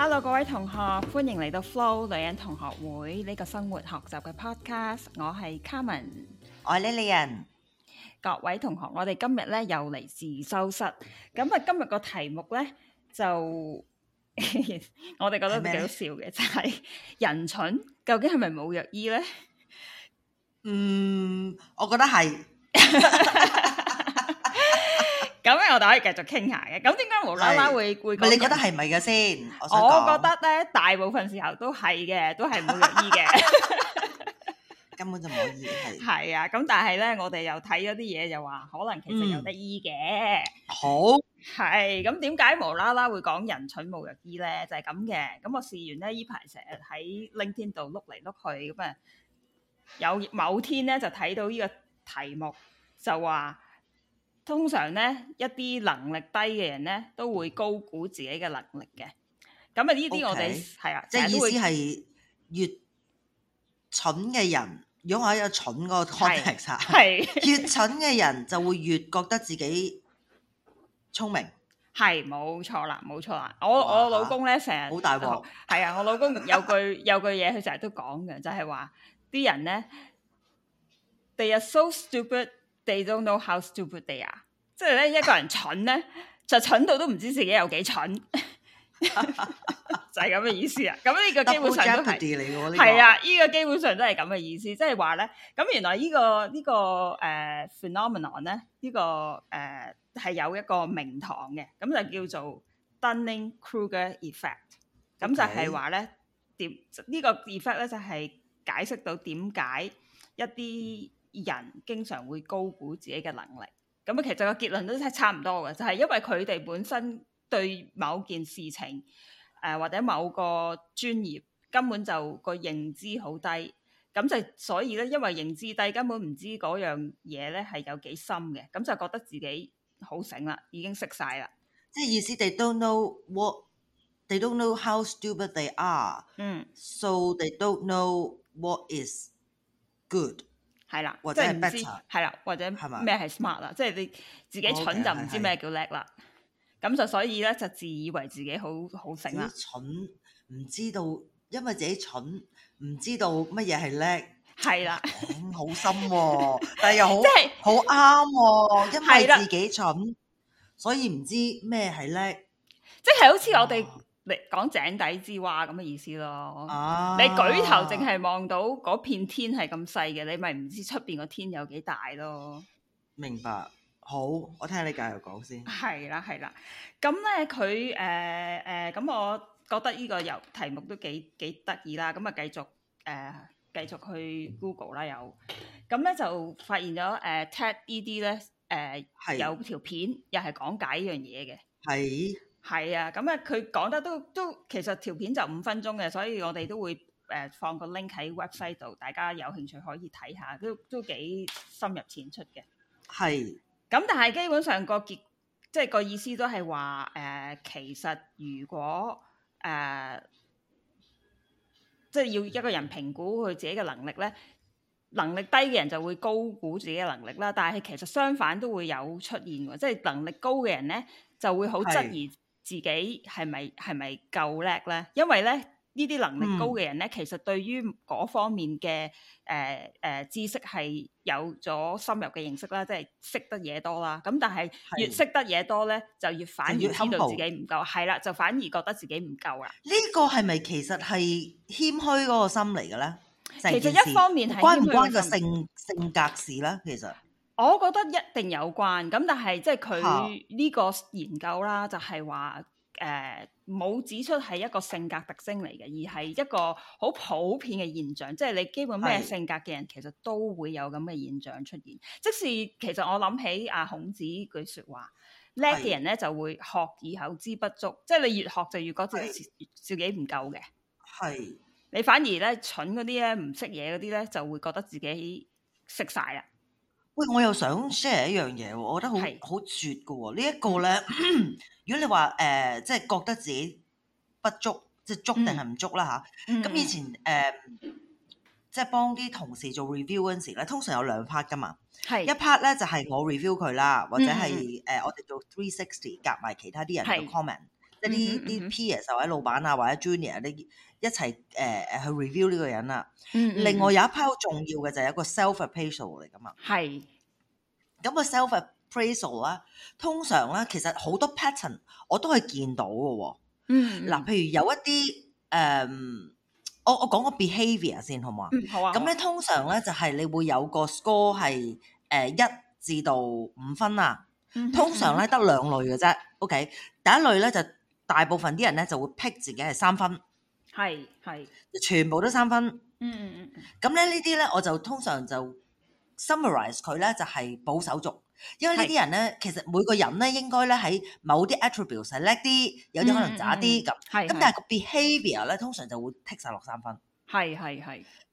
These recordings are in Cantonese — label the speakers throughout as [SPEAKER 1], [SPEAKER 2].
[SPEAKER 1] Hello，各位同學，歡迎嚟到 Flo 女人同學會呢個生活學習嘅 podcast。我係 Carmen，我係 Lilian。各位同學，我哋今日咧又嚟自修室。咁啊，今日個題目咧就我哋覺得都幾好笑嘅，就係人蠢究竟係咪冇藥醫咧？嗯，我覺得係。咁咧，我都可以繼續傾下嘅。咁點解無啦啦會
[SPEAKER 2] 攰？你覺得係咪嘅先？我，我覺得
[SPEAKER 1] 咧，大部分時候都係嘅，都係冇藥醫嘅，
[SPEAKER 2] 根本就冇醫
[SPEAKER 1] 嘅，係係啊。咁但係咧，我哋又睇咗啲嘢，就話可能其實有得醫嘅，嗯。好係咁，點解無啦啦會講人蠢冇藥醫咧？就係咁嘅。咁我試完咧，依排成日喺 link 天度碌嚟碌去咁啊。有某天咧，就睇到呢個題目，就話。通常咧，一啲能力低嘅人咧，都會高估自己嘅能力嘅。咁 Okay. 啊，呢啲我哋係啊，即係意思係
[SPEAKER 2] 越蠢嘅人，如果我有蠢個
[SPEAKER 1] concept 啊，是是越蠢嘅人就會越覺得自己聰明。係冇 錯啦，冇錯啦。我哇我老公咧成日好大鑊，係啊，啊，我老公有句 有句嘢，佢成日都講嘅就係話啲人咧，they are so stupid。They don't know how stupid they are，即係咧，一個人蠢咧， 就蠢到都唔知自己有幾蠢， 就係咁嘅意思啊！咁呢 個基本上都係 啊，呢、這個基本上都係咁嘅意思，即係話咧，咁原來、這個這個 uh, 呢、這個呢個誒 phenomenon 咧，呢個誒係有一個名堂嘅，咁就叫做 Dunning-Kruger effect，咁 Okay. 就係話咧點呢、這個 effect 咧就係解釋到點解一啲。人經常會高估自己嘅能力，咁啊，其實個結論都差唔多嘅，就係、是、因為佢哋本身對某件事情，誒、呃、或者某個專業根本就個認知好低，咁就所以咧，因為認知低，根本唔知嗰樣嘢咧係有幾深嘅，咁就覺得自己好醒啦，已經識晒啦。
[SPEAKER 2] 即係意思哋 they don't know what they don't know how stupid they are 嗯。嗯，so they don't know what is good。係
[SPEAKER 1] 啦，即係唔知係啦，或者咩係 smart 啦，即係、即係、你自己蠢 okay，就唔知咩叫叻啦。咁就所以呢，就自以為自己好好醒啦。
[SPEAKER 2] 蠢，唔知道，因為自己蠢，唔知道乜嘢係叻。係啦，好深、哦，但係又好即、即係、好啱、哦，因為自己蠢，所以唔知咩係叻。
[SPEAKER 1] 即係好似我哋、啊。嚟講井底之蛙咁嘅意思咯。Ah，你舉頭淨係望到嗰片天係咁細嘅，你咪唔知出邊個天有幾大咯。
[SPEAKER 2] 明白，好，我聽，聽你繼續講先。係
[SPEAKER 1] 啦，係啦。咁咧佢誒誒，咁、嗯呃嗯、我覺得呢個由題目都幾幾得意啦。咁啊、嗯，繼續誒、呃、繼續去 Google 啦，有，咁、嗯、咧、嗯、就發現咗誒 Ted 依啲咧誒，呃呢呃、的有條片又係講解呢樣嘢嘅。係。係啊，咁咧佢講得都都其實條片就五分鐘嘅，所以我哋都會誒、呃、放個 link 喺 website 度，大家有興趣可以睇下，都都幾深入淺出嘅。
[SPEAKER 2] 係是，
[SPEAKER 1] 咁但係基本上個結，即係個意思都係話誒，其實如果誒，即、呃、係、就是、要一個人評估佢自己嘅能力咧，能力低嘅人就會高估自己嘅能力啦，但係其實相反都會有出現，即係能力高嘅人咧就會好質疑。自己係咪係咪夠叻咧？因為咧呢啲能力高嘅人咧，其實對於嗰方面嘅誒誒知識係有咗深入嘅認識啦，即係識得嘢多啦。咁但係越識得嘢多咧，就越反而知道自己唔夠。係啦、嗯，就反而覺得自己唔夠啦。
[SPEAKER 2] 呢個係咪其實係謙虛嗰個心嚟嘅咧？其實一方面係關唔關個性性格事咧？其實。
[SPEAKER 1] 我覺得一定有關，咁但係即係佢呢個研究啦，就係話誒冇指出係一個性格特徵嚟嘅，而係一個好普遍嘅現象，即係你基本咩性格嘅人是其實都會有咁嘅現象出現。即使其實我諗起阿孔子句説話，叻嘅是人咧就會學以後知不足，即係你越學就越覺得自己唔夠嘅。係你反而咧蠢嗰啲咧唔識嘢嗰啲咧就會覺得自己識晒啦。
[SPEAKER 2] 喂，我又想 share 一樣嘢喎，我覺得好好是絕嘅喎、哦。這個、呢一個咧，如果你話誒，即、呃、係、就是、覺得自己不足，即、就、係、是、足定係唔足啦吓，咁、嗯啊、以前誒，即係幫啲同事做 review 嗰陣時咧，通常有兩 part 噶嘛，係是一 part 咧就係、是、我 review 佢啦，或者係誒、嗯呃、我哋做 three sixty 夾埋其他啲人嘅 comment，是即係啲啲 peers 或者老闆啊或者 junior 呢。一齊誒誒去 review 呢個人啦。嗯嗯，另外有一批好重要嘅就係一個 self appraisal 嚟㗎嘛。係。咁是個 self appraisal 咧，通常咧其實好多 pattern 我都係見到嘅喎、哦。嗯，嗯。嗱，譬如有一啲誒、呃，我我講個 behaviour 先好唔好啊？嗯，好啊。咁咧通常咧就係、是、你會有個 score 係誒一、呃、至到五分啊。
[SPEAKER 3] 通常咧
[SPEAKER 2] 得兩類嘅啫。OK，第一類咧就大部分啲人咧就會 pick 自己係三分。係，係，全部都三分。嗯嗯嗯嗯。咁、嗯、咧呢啲咧，我就通常就 summarize 佢咧就係補手續，
[SPEAKER 3] 因為呢啲人
[SPEAKER 2] 咧，是其實每個人咧應該咧喺某啲 attributes 上叻啲，有啲可能渣啲咁。係，咁但係個 behavior 咧，通常就會剔曬落三分。係係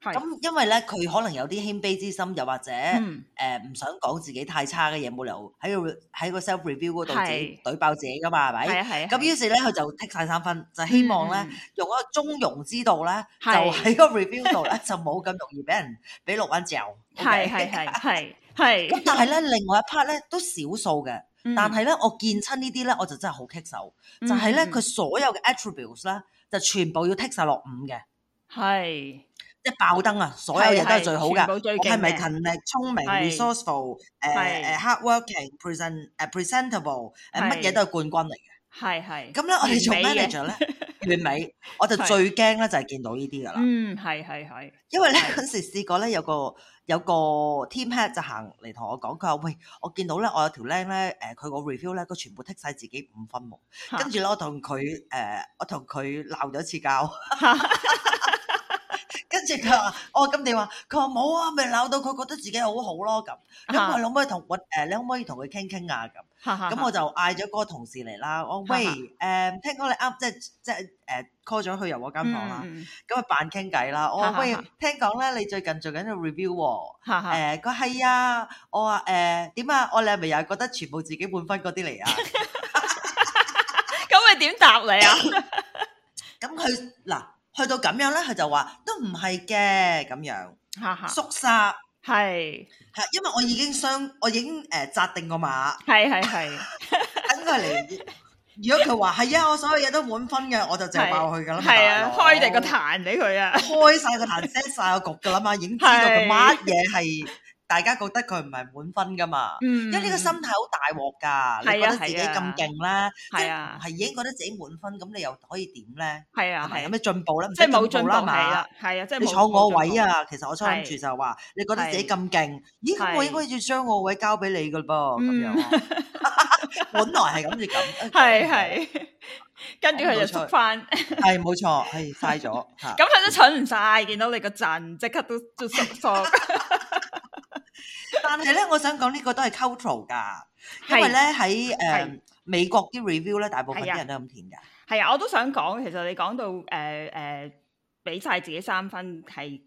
[SPEAKER 2] 係，咁因為咧，佢可能有啲謙卑之心，又或者誒唔想講自己太差嘅嘢，冇理由喺個喺個 self review 嗰度自己懟爆自己噶嘛，係咪？係係。咁於是咧，佢就剔晒三分，就希望咧用一個中庸之道咧，就喺個 review 度咧就冇咁容易俾人俾六蚊嚼。係係係
[SPEAKER 1] 係係。咁但係咧，
[SPEAKER 2] 另外一 part 咧都少數嘅，但係咧我見親呢啲咧，我就真係好棘手。就係咧，佢所有嘅 attributes 咧，就全部要剔晒落五嘅。係，即爆燈啊！所有嘢都係最好噶，係咪？勤力、聰明、resourceful、誒誒 hardworking、present 誒 presentable，誒乜嘢都係冠軍嚟
[SPEAKER 1] 嘅。係係，咁咧我哋做 manager
[SPEAKER 2] 咧，年尾我就最驚咧就係見到呢啲噶啦。嗯，
[SPEAKER 1] 係係係。因
[SPEAKER 2] 為咧嗰時試過咧，有個有個 team head 就行嚟同我講，佢話喂，我見到咧我有條靚咧，誒佢個 review 咧，佢全部剔晒自己五分。跟住咧我同佢誒，我同佢鬧咗次交。即佢話，我咁你話，佢話冇啊，咪鬧到佢覺得自己好好咯咁。咁我可唔可以同我，你可唔可以同佢傾傾啊咁？咁我就嗌咗嗰個同事嚟啦。我喂誒，聽講你啱即即誒 call 咗佢入我間房啦。咁啊扮傾偈啦。我喂，聽講咧你最近做緊個 review 喎。佢係啊。我話誒點啊？我你係咪又覺得全部自己半分嗰啲嚟啊？
[SPEAKER 1] 咁你點答你啊？咁佢嗱。去到
[SPEAKER 2] 咁樣咧，佢就話都唔係嘅咁樣，縮沙係係，哈哈，是因為我已經雙，我已經誒、呃、紮定個馬，係係係，咁佢嚟，如果佢話係啊，我所有嘢都滿分嘅，我就就爆佢㗎啦，係啊是，哥開定個壇俾佢啊， 開晒個壇，set 曬個局㗎啦嘛，已經知道佢乜嘢係。 大家覺得佢唔係滿分噶嘛？因為呢個心態好大鑊噶，你覺得自己咁勁咧，即係係已經覺得自己滿分，咁你又可以點咧？係啊係，有咩進步咧？即係冇做啦，係啊係啊，即係你坐我位啊！其實我初諗住就係話，你覺得自己咁勁，咦？我應該要將我位交俾你噶咯噃？嗯，本來係咁就咁，
[SPEAKER 1] 係係，跟住佢就縮翻，
[SPEAKER 2] 係冇錯，係嘥咗。咁佢
[SPEAKER 1] 都蠢唔晒，見到你個陣即刻都縮縮。
[SPEAKER 2] 但係咧，我想講呢個都係 culture 㗎，因為咧喺誒美國啲 review 咧，的大部分啲人都咁填
[SPEAKER 1] 㗎。係啊，我都想講，其實你講到誒誒，俾、呃、曬自己三分係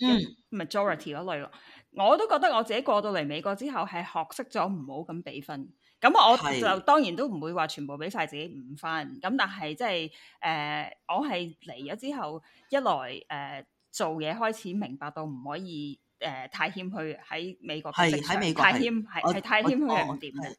[SPEAKER 1] majority 嗰類咯。嗯、我都覺得我自己過到嚟美國之後，係學識咗唔好咁俾分。咁我就的當然都唔會話全部俾晒自己五分。咁但係即係誒，我係嚟咗之後，一來誒、呃、做嘢開始明白到唔可以。誒泰軒去喺美國，喺美國。太軒係係泰軒去係點嘅？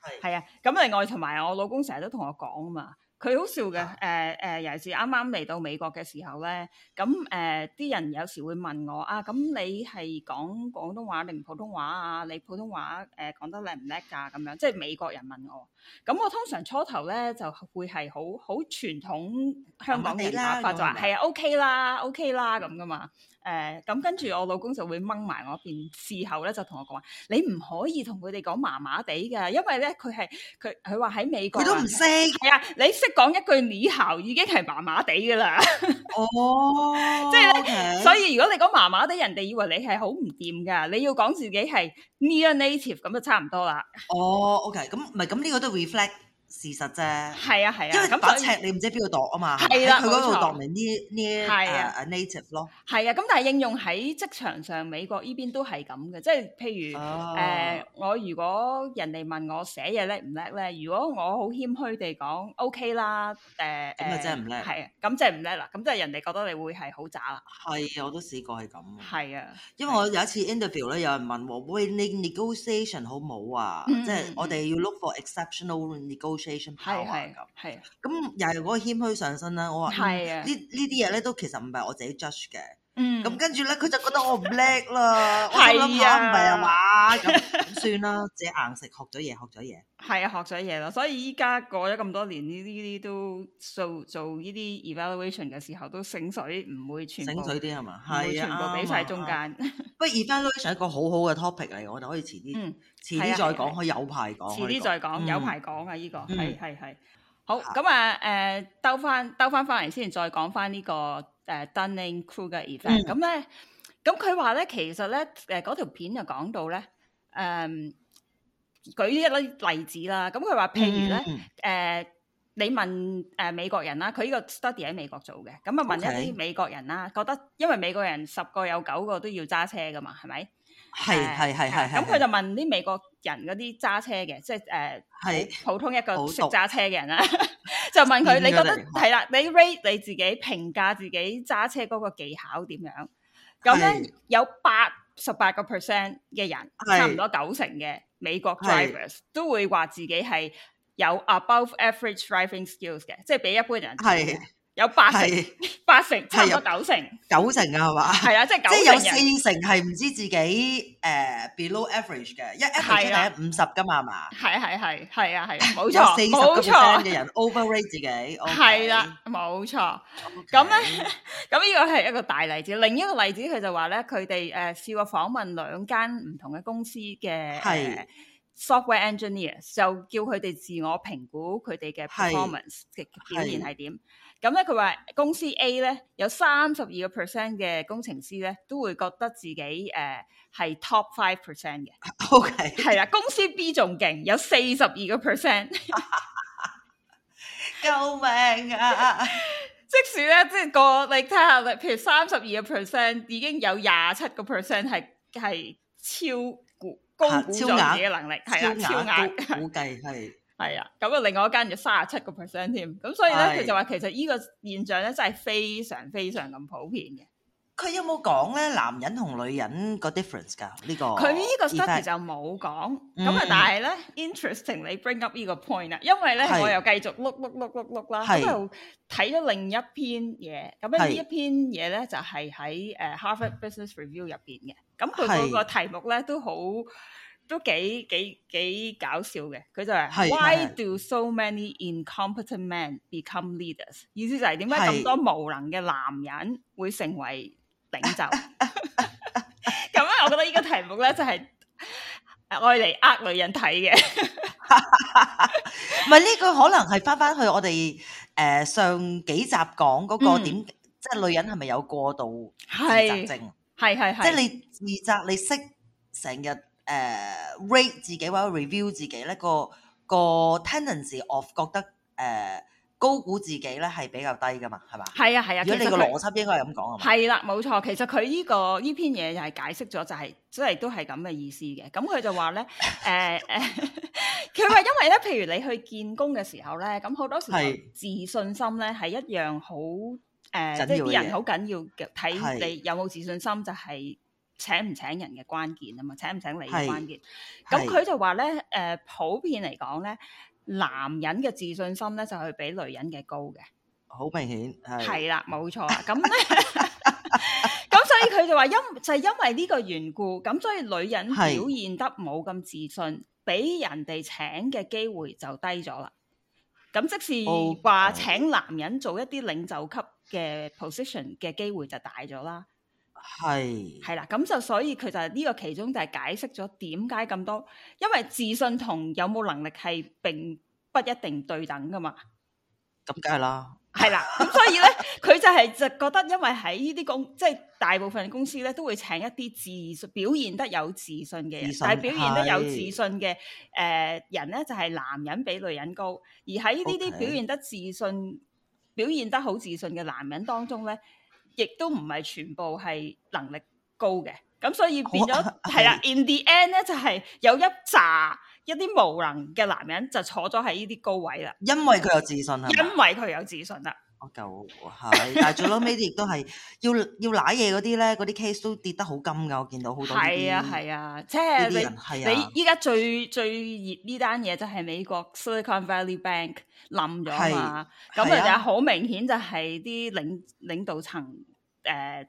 [SPEAKER 1] 係係啊！咁另外同埋我老公成日都同我講啊嘛，佢好笑嘅。誒誒，尤其是啱啱嚟到美國嘅時候咧，咁誒啲人有時會問我啊，咁你係講廣東話定普通話啊？你普通話誒講得叻唔叻㗎？咁樣即係美國人問我，咁我通常初頭咧就會係好好傳統香港嘅講法就話係啊 OK 啦 OK 啦咁㗎嘛。誒，咁、嗯、跟住我老公就會掹埋我邊，事後咧就同我講話，你唔可以同佢哋講麻麻地嘅，因為咧佢係佢佢話喺美國，佢都唔識。係啊，你識講一句你好已經係麻麻地噶啦。 哦，即係咧，okay、所以如果你講麻麻地，人哋以為你係好唔掂噶，你要講自己係 near native 咁就差唔多啦。
[SPEAKER 2] 哦，OK，咁唔係咁呢個都 reflect。事實啫，係啊，係啊，因為咁白尺你唔知邊度度啊嘛，係啦，佢嗰度度明
[SPEAKER 1] 呢呢啲 native 咯，係啊，咁但係應用喺職場上美國呢邊都係咁嘅，即係譬如誒，我如果人哋問我寫嘢叻唔叻咧，如果我好謙虛地講 OK 啦，誒咁啊真係唔叻，係啊，咁就唔叻啦，咁就人哋覺得你會係好渣啦，
[SPEAKER 2] 係，我都試過係咁，係啊，因為我有一次 interview 咧，有人問我，喂，你 negotiation 好冇啊？即係我哋要 look for exceptional negotiation。係係咁，咁又係嗰個謙虛上身啦。我話呢呢啲嘢咧都其實唔係我自己 judge 嘅。
[SPEAKER 1] 嗯，咁跟住咧，佢就覺得我唔叻啦。係 啊，唔係啊嘛，
[SPEAKER 2] 咁算啦， 自己硬食，學咗嘢，學咗嘢。
[SPEAKER 1] 係啊，學咗嘢咯。所以依家過咗咁多年，呢啲都做做呢啲 evaluation 嘅時候都醒水，唔會全醒水啲係嘛？係啊，全部俾晒中間。
[SPEAKER 2] 不過，evaluation 係一個好好嘅 topic 嚟，我哋可以遲啲。嗯嗯
[SPEAKER 1] 遲啲再、啊啊啊啊啊、講，可有排講。遲啲再講，有排講啊！呢個係係係。好咁啊，誒，兜翻兜翻翻嚟先，再講翻、嗯嗯嗯、呢個誒 Dunning Kruger effect 咁咧，咁佢話咧，其實咧，誒嗰條片就講到咧，誒、嗯、舉一例例子啦。咁佢話，嗯、譬如咧，誒、呃、你問誒美國人啦，佢呢個 study 喺美國做嘅，咁、嗯、啊、嗯、問一啲美國人啦 Okay.，覺得因為美國人十個有九個都要揸車噶嘛，係咪？係係係係，咁佢就問啲美國人嗰啲揸車嘅，即係誒，普通一個識揸車嘅人啦， 就問佢他你覺得係啦、嗯，你 rate 你自己評價自己揸車嗰個技巧點樣？咁、嗯、咧是有八十八個 percent 嘅人，是差唔多九成嘅美國 drivers 是都會話自己係有 above average driving skills 嘅，即係比一般人係。有八成，八成差唔多九成，
[SPEAKER 2] 九成啊，係嘛？係啊，
[SPEAKER 1] 即係九成，即係有
[SPEAKER 2] 四成係唔知自己誒 below average 嘅，一 average 係五十噶嘛？係嘛？
[SPEAKER 1] 係係係係啊係，冇錯，四成嘅人
[SPEAKER 2] overrate 自己，係
[SPEAKER 1] 啦，冇錯。咁咧，咁呢個係一個大例子。另一個例子，佢就話咧，佢哋誒試過訪問兩間唔同嘅公司嘅。software engineer 就叫佢哋自我評估佢哋嘅 performance 嘅表現係點。咁咧，佢話公司 A 咧，有三十二個 percent 嘅工程師咧，都會覺得自己誒係 top five percent 嘅。OK，係啦，公司 B 仲勁，有四十二個 percent。救命啊！即使咧，即係個你睇下，譬如三十二個 percent 已經有廿七個 percent 係係超。高估咗自己嘅能力，係啦，超額估計係，係啊，咁啊，另外一間就三十七個 percent 添，咁所以咧，佢就話其實依個現象咧，真係非常非常咁普遍嘅。
[SPEAKER 2] 佢有冇講咧男人同女人個 difference 㗎？呢個佢呢個 study 就
[SPEAKER 1] 冇講，咁啊，但係咧 interestingly bring up 呢個 point 啊，因為咧我又繼續碌碌碌碌碌啦，咁又睇咗另一篇嘢，咁啊呢一篇嘢咧就係喺誒 Harvard Business Review 入邊嘅。咁佢嗰個題目咧都好都幾幾幾搞笑嘅，佢就話：Why do so many incompetent men become leaders？意思就係點解咁多無能嘅男人會成為領袖？咁啊，我覺得呢個題目咧就係愛嚟呃女人睇嘅。唔係呢個可能係
[SPEAKER 2] 翻翻去我哋誒上幾集講嗰個點，即係女人係咪有過度自責症？
[SPEAKER 1] 係係係，是是是，
[SPEAKER 2] 即係你自責你識成日誒 rate 自己或者 review 自己咧個個 tendency，我覺得誒、呃、高估自己咧係比較低噶嘛，係嘛？
[SPEAKER 1] 係啊係啊，如果你個邏
[SPEAKER 2] 輯應該係咁講係
[SPEAKER 1] 啦，冇、啊、錯。其實佢呢、這個呢篇嘢就係解釋咗、就是，就係即係都係咁嘅意思嘅。咁佢就話咧誒誒，佢、呃、話 因為咧，譬如你去見工嘅時候咧，咁好多時候自信心咧係一樣好。誒，呃、即係啲人好緊要嘅，睇你有冇自信心是就係請唔請人嘅關鍵啊嘛，請唔請你嘅關鍵。咁佢就話咧，誒、呃，普遍嚟講咧，男人嘅自信心咧就係、是、比女人嘅高嘅，
[SPEAKER 2] 好明顯係啦，
[SPEAKER 1] 冇錯啊。咁咧，咁 所以佢就話因就係因為呢個緣故，咁所以女人表現得冇咁自信，俾是人哋請嘅機會就低咗啦。咁即是話請男人做一啲領袖級嘅 position 嘅機會就大咗啦。係係啦，咁就所以佢就呢個其中就係解釋咗點解咁多，因為自信同有冇能力係並不一定對等噶嘛。咁梗係啦，係啦、嗯，咁、 嗯、所以咧，佢就係就覺得，因為喺呢啲公，即、就、係、是、大部分公司咧，都會請一啲自信、表現得有自信嘅人，信但係表現得有自信嘅誒人咧，就係、是、男人比女人高，而喺呢啲表現得自信、Okay. 表現得好自信嘅男人當中咧，亦都唔係全部係能力高嘅，咁、嗯、所以變咗係啦。In the end 咧，就係有一扎。一啲無能嘅男人就坐咗喺呢啲高位啦，因為
[SPEAKER 2] 佢有自信啊，因
[SPEAKER 1] 為佢有自信啦，我
[SPEAKER 2] 夠係，但係最撈屘啲亦都係要要賴嘢嗰啲咧，嗰啲 case 都跌得好金㗎，我見到好多，係啊係
[SPEAKER 1] 啊，些即係你你依家最最熱呢單嘢就係美國 Silicon Valley Bank 冧咗嘛，咁啊的就好明顯就係啲領的 領導層誒。呃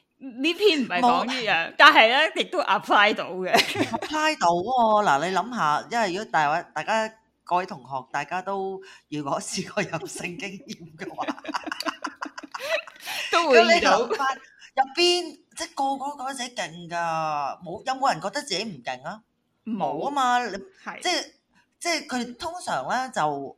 [SPEAKER 2] 呢篇唔係講呢
[SPEAKER 1] 樣，沒但係咧亦
[SPEAKER 2] 都 apply 到嘅，apply 到喎、啊。嗱， 你諗下，因為如果大位大家各位同學，大家都如果試過有性經驗嘅話， 都會有入邊即個個都覺得自己勁噶，冇有冇人覺得自己唔勁啊？冇啊沒嘛，係的即即佢通常咧就。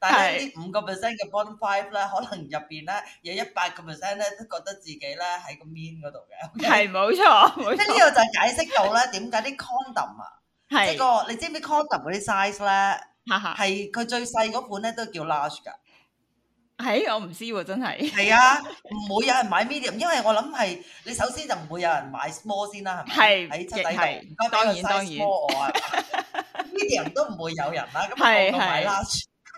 [SPEAKER 2] 但係呢五個 percent 嘅 bottom five 咧，可能入邊咧有一百個 percent 咧都覺得自己咧喺個 mean 嗰度嘅。係冇錯，冇錯。咁呢個就解釋到咧點解啲 condom 啊，即係個你知唔知 condom 嗰啲 size 咧，係佢最細嗰款咧都叫 large 㗎。係我唔知喎，真係。係啊，唔會有人買 medium，因為我諗係你首先就唔會有人買 small 先啦，係
[SPEAKER 1] 咪？係，係，當然當然。
[SPEAKER 2] medium 都唔會有人啦，咁我買 large。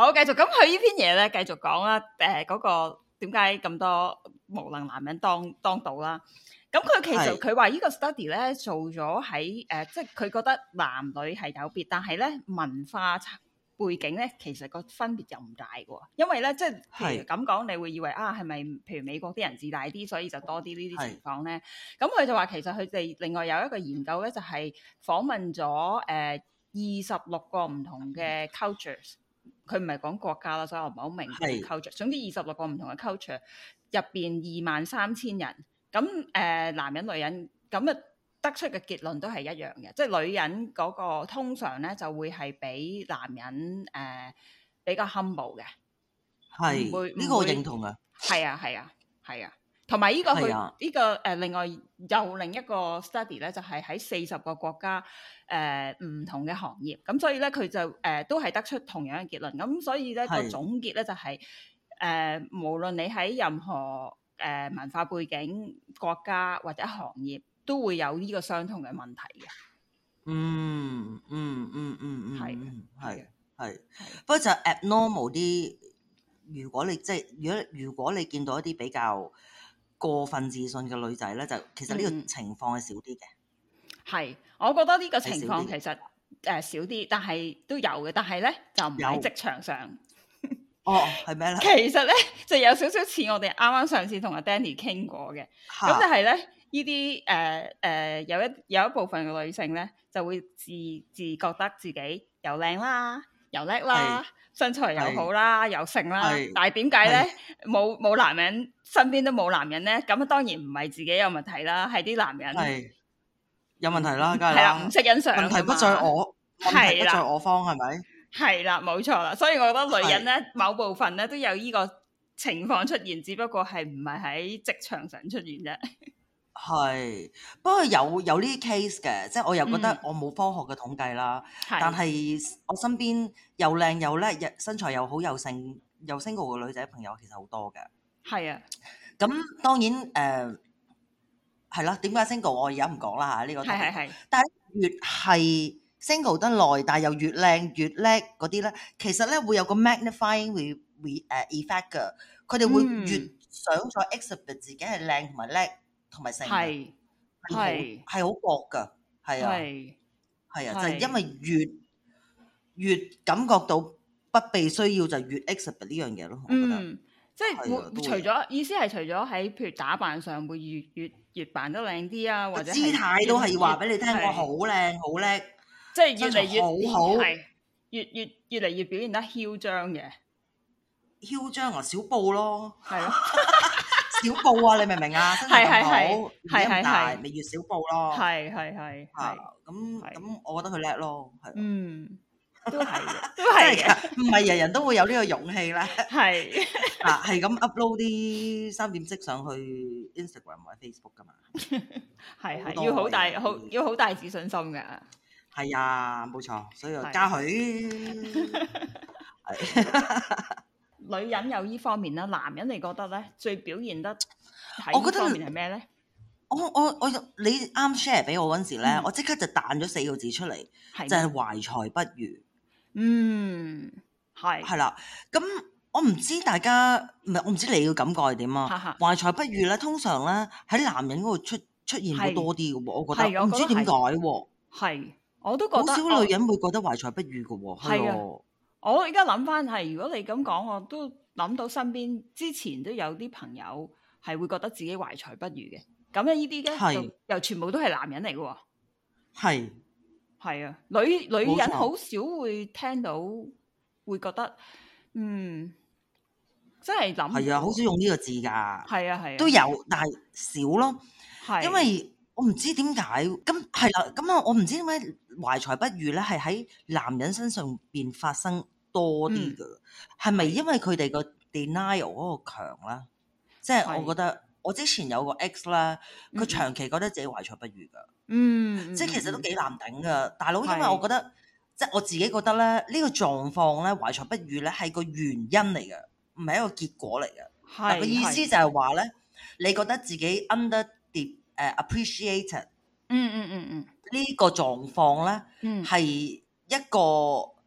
[SPEAKER 1] 好，繼續咁佢呢篇嘢咧，繼續講啦。誒，嗰個點解咁多無能男人當當道啦？咁佢其實佢話呢個 study 咧做咗喺誒，即係佢覺得男女係有別，但係咧文化背景咧其實個分別又唔大嘅。因為咧，即係譬如咁講，你會以為啊，係咪譬如美國啲人自大啲，所以就多啲呢啲情況咧？咁佢就話其實佢哋另外有一個研究咧，就係訪問咗誒二十六個唔同嘅 cultures。佢唔係講國家啦，所以我唔係好明 c u l t u r 總之，二十六個唔同嘅 culture 入邊，二萬三千人咁誒，男人、女人咁啊，得出嘅結論都係一樣嘅，即、就、係、是、女人嗰、那個通常咧就會係比男人誒、呃、比較 humble 嘅。
[SPEAKER 2] 係是，呢個我認同
[SPEAKER 1] 啊。係啊，係啊，係、這個、啊。同埋呢個佢呢個誒，另外有另一個 study 咧，就係喺四十個國家。誒唔、呃、同嘅行業，咁所以咧佢就誒、呃、都係得出同樣嘅結論，咁所以咧個總結咧就係誒無論你喺任何誒、呃、文化背景、國家或者行業，都會有呢個相同嘅問題嘅、
[SPEAKER 2] 嗯。嗯嗯嗯嗯嗯，係係係。不、嗯、過就 abnormal 啲，如果你即係如果如果你見到一啲比較過分自信嘅女仔咧，就其實呢個情況係少啲嘅。嗯
[SPEAKER 1] 係，我覺得呢個情況其實誒、啊、少啲，但係都有嘅。但係咧就唔喺職場上。
[SPEAKER 2] 哦，係
[SPEAKER 1] 咩咧？ 其實咧就有少少似我哋啱啱上次同阿 Danny 傾過嘅。咁就係咧呢啲誒誒有一有一部分嘅女性咧就會自自覺得自己又靚啦，又叻啦，是身材又好啦，又盛是啦。是但係點解咧冇冇男人身邊都冇男人咧？咁啊當然唔係自己有問題啦，係啲男人是。係是。
[SPEAKER 2] 有問題啦，梗係啦。係啊，唔識欣賞。問題不在我，的問
[SPEAKER 1] 題不在我方，係咪？係啦，冇錯啦。所以我覺得女人咧，的某部分咧都有呢個情況出現，只不過係唔係喺職場上出現啫。
[SPEAKER 2] 係，不過有有呢啲 case 嘅，即係我又覺得我冇科學嘅統計啦。嗯、但係我身邊又靚又叻，又身材又好，又性又 single 嘅女仔朋友，其實好多嘅。係啊。咁當然誒。呃係咯，點解 single 我而家唔講啦吓？呢個係係但係越係 single 得耐，但係又越靚越叻嗰啲咧，其實咧會有個 magnifying re 誒 effect 噶，佢哋會越想再 exhibit 自己係靚同埋叻同埋細，係係係好惡噶，係啊係啊，就係因為越越感覺到不被需要，就越 exhibit 呢樣嘢咯，我覺
[SPEAKER 1] 得。即係，除咗意思係，除咗喺譬如打扮上會越越越扮得靚啲啊，或者姿態都係要話俾你聽，我好靚好叻，即係越嚟越好，越越越嚟越表現得囂張嘅。
[SPEAKER 2] 囂張啊，小布咯，係咯，小布啊！你明唔明啊？身材咁好，年齡
[SPEAKER 1] 你越小布咯，係係係，係咁咁，我覺得佢叻咯，係嗯。
[SPEAKER 2] 都係，都係。唔係人人都會有呢個勇氣啦。係啊，係咁 upload 啲三點式上去 Instagram 或者 Facebook 噶嘛。
[SPEAKER 1] 係係要好大好要好大自信心噶。
[SPEAKER 2] 係啊，冇錯，所以又加佢。
[SPEAKER 1] 女人有依方面啦，男人你覺得咧最表現得？我覺得方面係咩咧？
[SPEAKER 2] 我我我你啱 share 俾我嗰陣時咧，我即刻就彈咗四個字出嚟，就係懷才不遇。嗯，係係啦，咁 我唔知大家唔係，我唔知你嘅感覺係點啊？懷才是不遇咧，通常咧喺男人嗰度出出現多啲嘅，我覺得唔知點解喎。
[SPEAKER 1] 係，我都覺得好少女
[SPEAKER 2] 人會覺得懷才不遇嘅喎。係啊，
[SPEAKER 1] 我而家諗翻係，如果你咁講，我都諗到身邊之前都有啲朋友係會覺得自己懷才不遇嘅。咁啊，呢啲咧又又全部都係男人嚟嘅喎。係。係啊，女女人好少會聽到，會覺得，嗯，真係諗係啊，
[SPEAKER 2] 好少用呢個字噶，係啊係啊，都有，但係少咯，係，因為我唔知點解，咁係啦，咁啊，我唔知點解懷才不遇咧，係喺男人身上邊發生多啲噶，係咪因為佢哋個 denial 嗰個強咧？即係我覺得。我之前有個 ex 啦，佢長期覺得自己懷才不遇噶，嗯，即係其實都幾難頂噶。大佬，因為我覺得是即係我自己覺得咧，呢、呢個狀況咧，懷才不遇咧係個原因嚟嘅，唔係一個結果嚟嘅。係是個意思就係話咧，你覺得自己 under the、uh, 誒 appreciated，嗯嗯嗯嗯，呢、嗯嗯嗯、個狀況咧，嗯係一個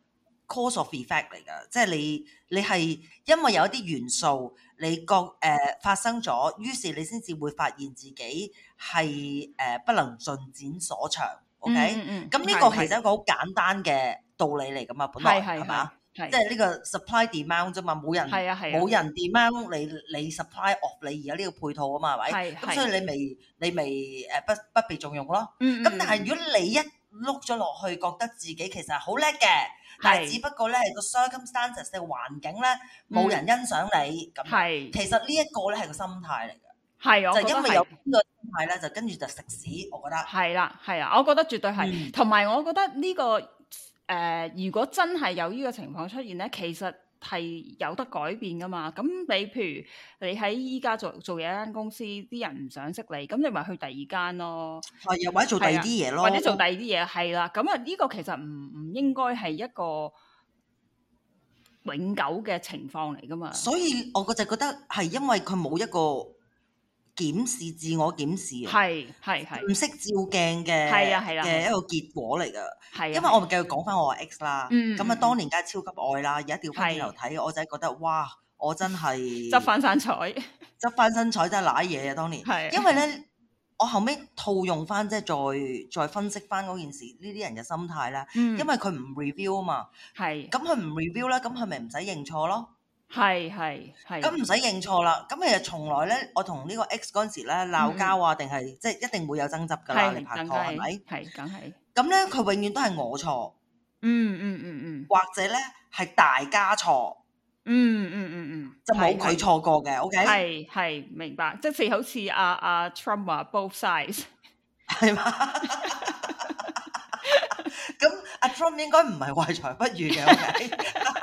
[SPEAKER 2] cause of effect 嚟㗎，即係你你係因為有一啲元素你覺誒、uh, 發生咗，於是你先至會發現自己係誒、uh, 不能進展所長，OK？咁呢、嗯嗯嗯、個其實一個好簡單嘅道理嚟㗎嘛，本來係嘛，即係呢個 supply demand 啫嘛，冇人冇、啊啊、人 demand 你你 supply of 你而家呢個配套啊嘛，係咪？咁所以你咪，你咪，誒不不被重用咯。咁、嗯、但係如果你一碌咗落去，覺得自己其實好叻嘅。但係，只不過咧係個 circumstances 嘅環境咧，冇的人欣賞你咁。係的，其實呢一個咧係個心態嚟嘅。
[SPEAKER 1] 係的，就因為有呢個
[SPEAKER 2] 心態咧，的就跟住就食屎。我覺
[SPEAKER 1] 得係啦，係啊，我覺得絕對係。同埋、嗯、我覺得呢、呢個誒、呃，如果真係有呢個情況出現咧，其實。係有得改變噶嘛？咁你譬如你喺依家做做嘢一間公司，啲人唔想識你，咁你咪去第二間咯，又或者做第二啲嘢咯，係啊，或者做第二啲嘢，係啦。咁啊，呢個其實唔唔應該係一個永久嘅情況嚟噶嘛。所
[SPEAKER 2] 以我我就覺得係因為佢冇一個。檢視自我檢視啊，係
[SPEAKER 1] 係係唔識
[SPEAKER 2] 照鏡嘅，係啊係啦，嘅一個結果嚟噶，因為我咪繼續講翻我話 X 啦，咁啊當年梗係超級愛啦，而家掉翻起頭睇，我就係覺得哇，我真係執翻身彩，執翻身彩真係賴嘢啊！當年，因為咧，我後尾套用翻即係再再分析翻嗰件事，呢啲人嘅心態咧，因為佢唔 review 啊嘛，係咁佢唔 review 咧，咁佢咪唔使認錯咯？係係係，咁唔使認錯啦。咁其實從來咧，我同呢個 X 嗰陣時咧鬧交啊，定係即係一定會有爭執㗎啦。你拍拖係咪？
[SPEAKER 1] 係，梗係。
[SPEAKER 2] 咁咧，佢永遠都係我錯。嗯嗯嗯嗯。或者咧，係大家錯。嗯嗯嗯
[SPEAKER 1] 嗯。就冇佢錯過嘅，OK。係係，明白。即係好似阿阿 Trump 話，both sides。係嘛。咁阿 Trump
[SPEAKER 2] 應該唔係懷才不遇嘅。OK。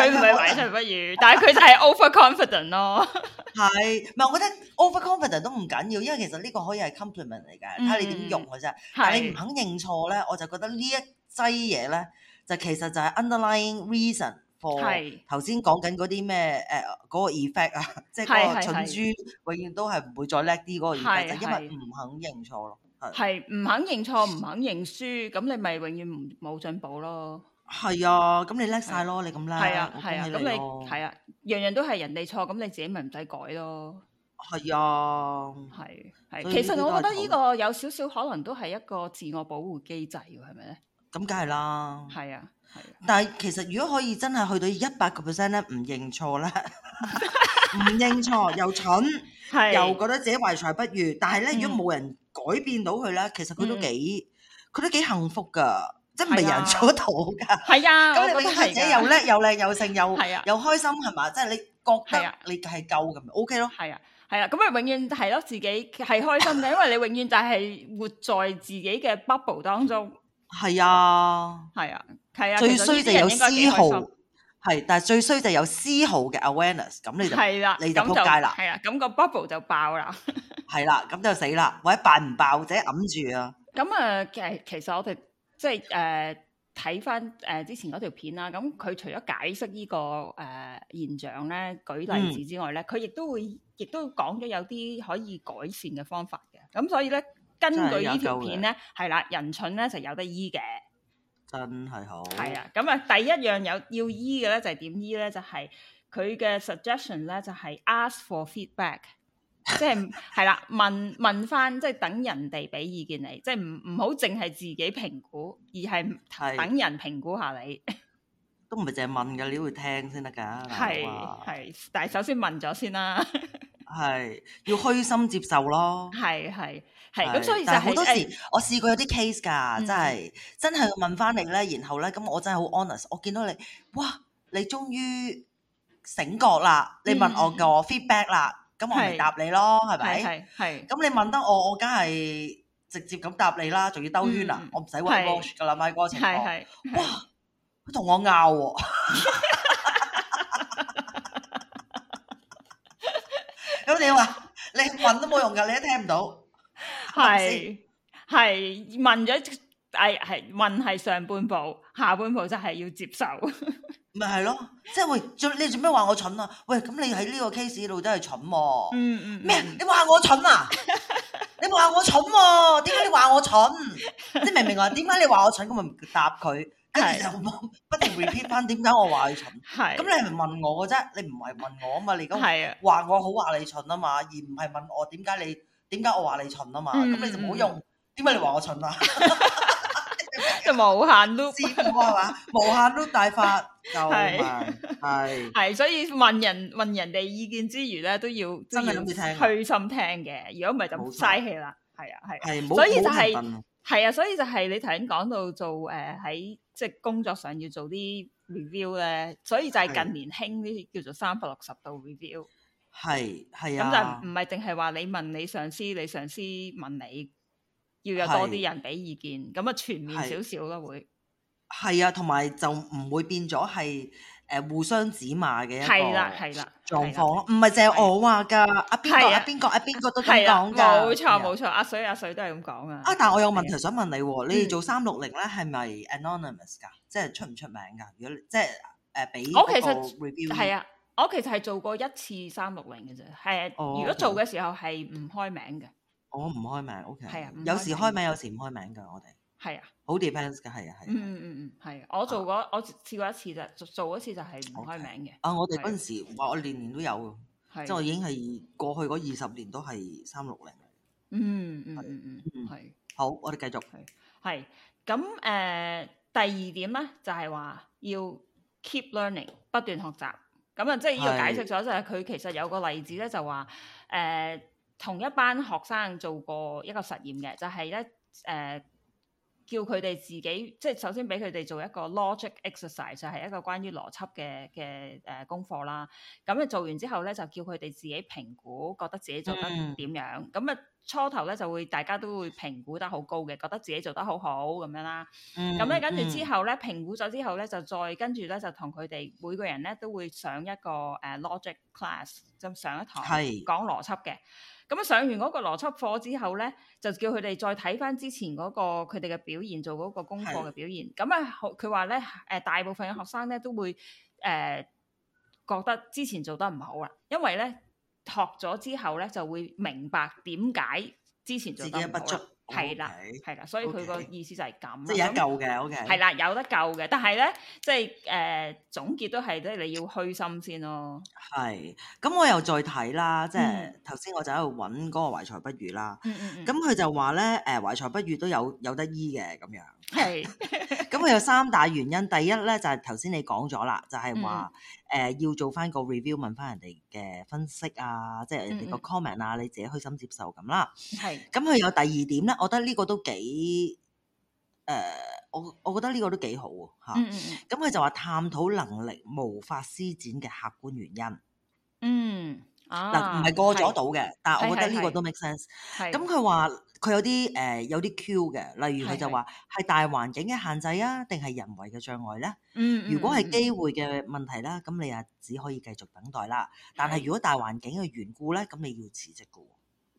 [SPEAKER 2] 佢唔係
[SPEAKER 1] 懷才不遇，但係佢就係
[SPEAKER 2] overconfident 咯。 係，唔係我覺得 overconfident 都唔緊要，因為其實呢個可以係 compliment 嚟嘅。睇下你點用㗎啫。但你唔肯認錯咧，我就覺得呢一劑嘢咧，就其實就係 underlying reason for 頭先講緊嗰啲咩誒嗰個 effect 啊，即係個蠢豬永遠都係唔會再叻啲嗰個 effect，就因為唔肯認錯咯。係
[SPEAKER 1] 唔肯認錯，唔肯認輸，咁你咪永遠冇進步咯。係啊，咁你叻晒咯，你咁叻，係啊，係啊，咁你係啊，樣、啊、樣都係人哋錯，咁你自己咪唔使改咯。係啊，係係、啊，啊、其實我覺得呢個有少少可能都係一個自我保護機制，係咪咧？
[SPEAKER 2] 咁梗係啦。係啊，係、啊、但係其實如果可以真係去到一百個 percent 咧，唔認錯啦，唔 認錯又蠢， 是又覺得自己懷才不遇，但係咧如果冇人改變到佢咧，嗯、其實佢都幾，佢都，都幾幸福噶。即係唔係人做得到㗎？係啊，咁你
[SPEAKER 1] 消費者又叻又靚又性又啊，又開心係嘛？即係你覺得你係夠咁，OK 咯。係啊，係啊，咁啊，永遠係咯，自己係開心嘅，因為你永遠就係活在自己嘅 bubble 當中。係啊，係啊，係啊，最衰就有絲毫
[SPEAKER 2] 係，但係最衰就有絲毫嘅 awareness，咁你就係啦，你就撲街啦，
[SPEAKER 1] 係啊，咁個 bubble 就爆啦，係啦，咁
[SPEAKER 2] 就死啦，或者爆唔爆，或者揞住啊。
[SPEAKER 1] 咁啊，其實其實我哋。即係誒睇翻誒之前嗰條片啦。咁佢除咗解釋呢、這個誒、呃、現象咧，舉例子之外咧，佢亦、嗯、都會亦都講咗有啲可以改善嘅方法嘅。咁所以咧，根據條呢條片咧，係啦，人蠢咧就有得醫嘅，
[SPEAKER 2] 真係好係啊。
[SPEAKER 1] 咁啊，第一樣有要醫嘅咧就係、是、點醫咧？就係、是、佢嘅 suggestion 咧，就係、是、ask for feedback。即係係啦，問問翻，即係等人哋俾意見你，即係唔唔好淨係自己評估，而係等人評估下你， 都唔係淨係
[SPEAKER 2] 問噶，你要聽先得噶。係係， 但係首先問咗先啦。係 要虛心接受咯。係係係，咁所以就好、是、多時，哎、我試過有啲 case 噶，真係、嗯、真係問翻你咧，然後咧，咁我真係好 honest，我見到你，哇，你終於醒覺啦，你問我個 feedback 啦。 咁、嗯、是我咪答你咯，係咪？係係。咁你問得我，我梗係直接咁答你啦，仲要兜圈啊？嗯、我唔使揾嘅啦，喺嗰個情況。哇！
[SPEAKER 1] 佢同我拗。咁你話你
[SPEAKER 2] 問都冇用噶，你都聽唔到。
[SPEAKER 1] 係係問咗，係係問係、哎、上半部，下半部就係要接受。 咪係咯，即係喂，
[SPEAKER 2] 做你做咩話我蠢啊？喂，咁你喺呢個 case 度真係蠢喎、啊嗯。嗯嗯，
[SPEAKER 1] 咩？
[SPEAKER 2] 你話我蠢啊？ 你話我蠢？點解你話我蠢？你明唔明啊？點解你話我蠢？咁咪答佢，跟住就不停 repeat 翻點解我話你蠢。係，咁你係咪問我嘅啫，你唔係問我啊嘛？你而家話我好話你蠢啊嘛，而唔係問我點解你點解我話你蠢啊嘛？咁你就唔好用，點解你話我蠢啊？
[SPEAKER 1] 無限 loop，知唔知我無限 loop 大法就？係係係，的的所以問人問人哋意見之餘咧，都要真係諗虛心聽嘅。如果唔係就嘥氣啦。係啊係，所以就係係啊，所以就係你頭先講到做誒喺即係工作上要做啲 review 咧，所以就係近年興啲叫做三百六十度 review。係係啊，咁就唔係淨係話你問你上司，你上司問你。要有多啲人俾意見，咁啊全面少少咯，會
[SPEAKER 2] 係啊，同埋就唔會變咗係誒互相指罵嘅係啦，係啦狀況，唔係淨係我話噶，阿邊個
[SPEAKER 1] 阿邊個阿邊個都咁講噶，冇錯冇錯，阿水阿水都係咁講啊。
[SPEAKER 2] 啊，但係我有問題想問你，你哋做三六零咧係咪 anonymous 噶，即係出唔出名噶？如果即係誒俾我其實 review 係啊，
[SPEAKER 1] 我其實係做過一次三六零嘅啫，係啊，如果做嘅時候係唔開名嘅。
[SPEAKER 2] 我唔開名，O.K. 係啊，有時開名，有時唔開名噶，我哋係啊，好 depends 噶，係啊，係嗯嗯嗯，係，
[SPEAKER 1] 我做過，我試過一次啫，做一次就係唔開名嘅。啊，我哋嗰陣
[SPEAKER 2] 時話我年年都有，即係我已經係過去嗰二十年都係三六零。嗯嗯嗯嗯
[SPEAKER 1] 嗯，係。
[SPEAKER 2] 好，我哋繼續。係。
[SPEAKER 1] 係，咁誒，第二點咧就係話要 keep learning，不斷學習。咁啊，即係呢個解釋咗就係，佢其實有個例子咧就話誒。同一班學生做過一個實驗嘅，就係咧誒，叫佢哋自己即係首先俾佢哋做一個 logic exercise，就係一個關於邏輯嘅嘅誒功課啦。咁你做完之後咧，就叫佢哋自己評估，覺得自己做得點樣。咁啊、嗯、初頭咧就會大家都會評估得好高嘅，覺得自己做得好好咁樣啦。咁咧、嗯、跟住之後咧、嗯、評估咗之後咧，就再跟住咧就同佢哋每個人咧都會上一個誒、uh, logic class，就上一堂，一堂講邏輯嘅是。咁上完嗰個邏輯課之後咧，就叫佢哋再睇翻之前嗰個佢哋嘅表現，做嗰個功課嘅表現。咁啊的，佢話咧，誒、呃、大部分嘅學生咧都會誒、呃、覺得之前做得唔好啦，因為咧學咗之後咧就會明白點解之前做得唔好。係啦，係㗎 Okay，所以佢個意思就係咁，即係有得救嘅，OK。係啦，有得救嘅，但係咧，即係誒、呃、總結都係咧，你要虛心先咯。
[SPEAKER 2] 係，咁我又再睇啦，即係頭先我就喺度揾嗰個懷才不遇啦。嗯嗯嗯。咁佢就話咧，誒、呃、懷才不遇都有有得醫嘅咁樣。
[SPEAKER 1] 係。
[SPEAKER 2] 咁佢有三大原因，第一咧就係頭先你講咗啦，就係話。誒、呃、要做翻個 review 問翻人哋嘅分析啊，即係人哋個 comment 啊，嗯嗯你自己開心接受咁啦。係是，咁佢有第二點咧，我覺得呢個都幾誒、呃，我我覺得呢個都幾好嚇、啊。咁佢、嗯嗯、就話探討能力無法施展嘅客觀原因。嗯。嗱，唔係、啊、過咗到嘅，是但係我覺得呢個都 make sense。咁佢話佢有啲誒、uh, 有啲 Q 嘅，例如佢就話係是大環境嘅限制啊，定係人為嘅障礙咧、嗯？
[SPEAKER 1] 嗯，如果係機會
[SPEAKER 2] 嘅問題啦，咁你啊只可以繼續等待啦。但係如果大環境嘅緣故咧，咁你要辭職嘅、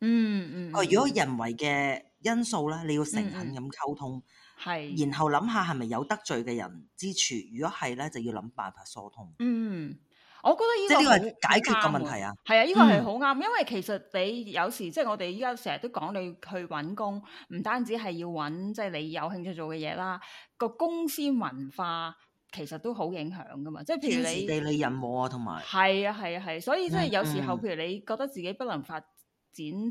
[SPEAKER 2] 嗯。嗯
[SPEAKER 1] 嗯。佢如果人
[SPEAKER 2] 為嘅因素咧，你要誠懇咁溝通，
[SPEAKER 1] 係、嗯，嗯嗯嗯嗯、然後
[SPEAKER 2] 諗下係咪有得罪嘅人之處？如果係咧，就要諗辦法疏通。嗯。
[SPEAKER 1] 我覺得依個係呢個解決嘅問題啊，係啊，呢、呢個係好啱，因為其實你有時即係我哋依家成日都講你去揾工，唔單止係要揾即係你有興趣做嘅嘢啦，個公司文化其實都好影響噶嘛，即係譬如你地
[SPEAKER 2] 理人和啊同埋
[SPEAKER 1] 係啊係啊係、啊，所以即係有時候、嗯、譬如你覺得自己不能發展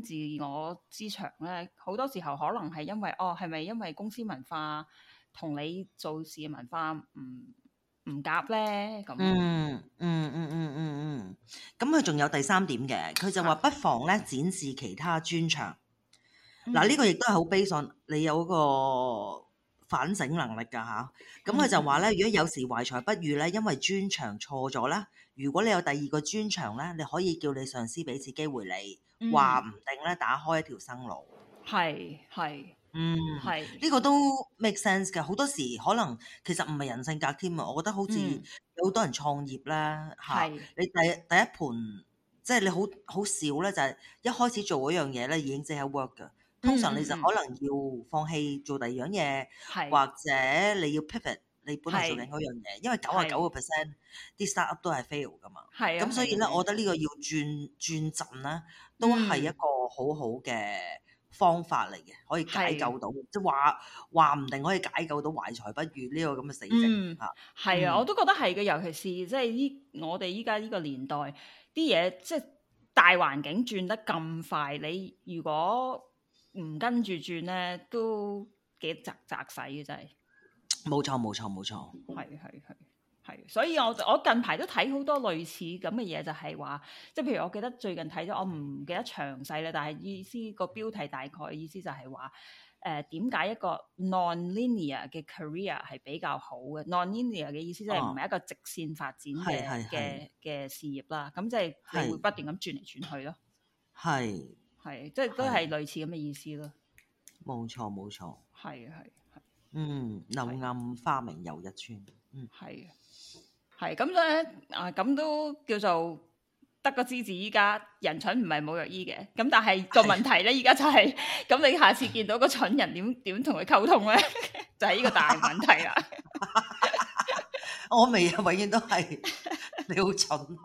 [SPEAKER 1] 自我之長咧，好多時候可能係因為哦係咪因為公司文化同你做事嘅文化唔？嗯唔夾咧咁，嗯嗯嗯嗯
[SPEAKER 2] 嗯嗯，咁佢仲有第三點嘅，佢就話不妨咧展示其他專長。嗱、啊，呢、嗯、個亦都係好悲信，你有一個反省能力噶吓。咁佢就話咧，如果、啊嗯啊、parfait 有時懷才不遇咧，因為專長錯咗啦，如果你有第二個專長咧，你可以叫你上司俾次機會你，話唔定咧打開一條生路。
[SPEAKER 1] 係係是 是的。是的
[SPEAKER 2] 嗯，係呢、mm, 是個都 make sense 嘅。好多時可能其實唔係人性格添啊。我覺得好似、嗯、有好多人創業啦，嚇是你第第一盤即係你好好少咧，就係、是、一開始做嗰樣嘢咧已經即係 work 㗎。
[SPEAKER 1] 通常你就
[SPEAKER 2] 可能要放棄做第二樣嘢，是或者你要 pivot 你本來做緊嗰樣嘢，是因為九啊九個 percent 啲 startup 都係 fail 㗎嘛。係咁、嗯、所以咧，我覺得呢個要轉轉陣啦，都係一個好一個好嘅。方法嚟嘅，可以解救到，的即係話話唔定可以解救到懷才不遇呢個咁嘅死症。嚇、嗯。係啊，嗯、我都
[SPEAKER 1] 覺得係嘅，尤其是即係依我哋依家呢個年代，啲嘢即係大環境轉得咁快，你如果唔跟住轉咧，都幾窄窄死嘅真
[SPEAKER 2] 係，冇錯冇錯冇錯，係
[SPEAKER 1] 係係。係，所以我我近排都睇好多類似咁嘅嘢，就係話即係譬如我記得最近睇咗，我唔記得詳細啦，但係意思、個標題大概意思就係話誒點解一個 non-linear 嘅 career 係比較好嘅？non-linear 嘅意思即係唔係一個直線發展嘅嘅嘅事業啦。咁即係你會不斷咁轉嚟轉去咯。係係是，即係都係類似咁嘅意思咯。
[SPEAKER 2] 冇錯冇錯，係係嗯柳暗花明又一村，嗯
[SPEAKER 1] 係。係咁咧，啊咁都叫做得個知字依家，人蠢唔係冇藥醫嘅。咁但係個問題咧，就是，依家就係咁，你下次見到個蠢人點點同佢溝通咧？ 就係呢個大問題啦。
[SPEAKER 2] 我未啊，永遠都係你好蠢。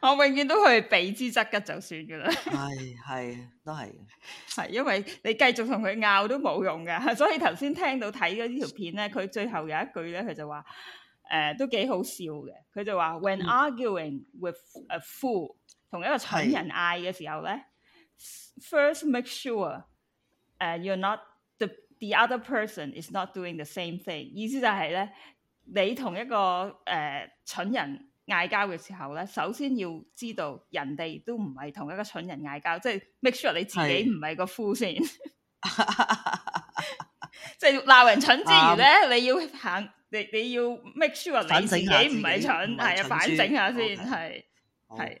[SPEAKER 1] 我永遠都去避之則吉就算噶啦。係 係，都係。係因為你繼續同佢拗都冇用噶，所以頭先聽到睇咗呢條片咧，佢最後有一句咧，佢就話：誒、呃、都幾好笑嘅。佢就話、嗯、：When arguing with a fool，同一個蠢人嗌嘅時候咧是，first make sure 誒、uh, you're not the the other person is not doing the same thing。意思就係咧，你同一個誒、呃、蠢人。嗌交嘅時候咧，首先要知道人哋都唔係同一個蠢人嗌交，即係 make sure 你自己唔係個 fool 先，即係鬧人蠢之餘咧，嗯、你要行，你你要 make sure 你自己唔係蠢，係啊，村反省下先，係係。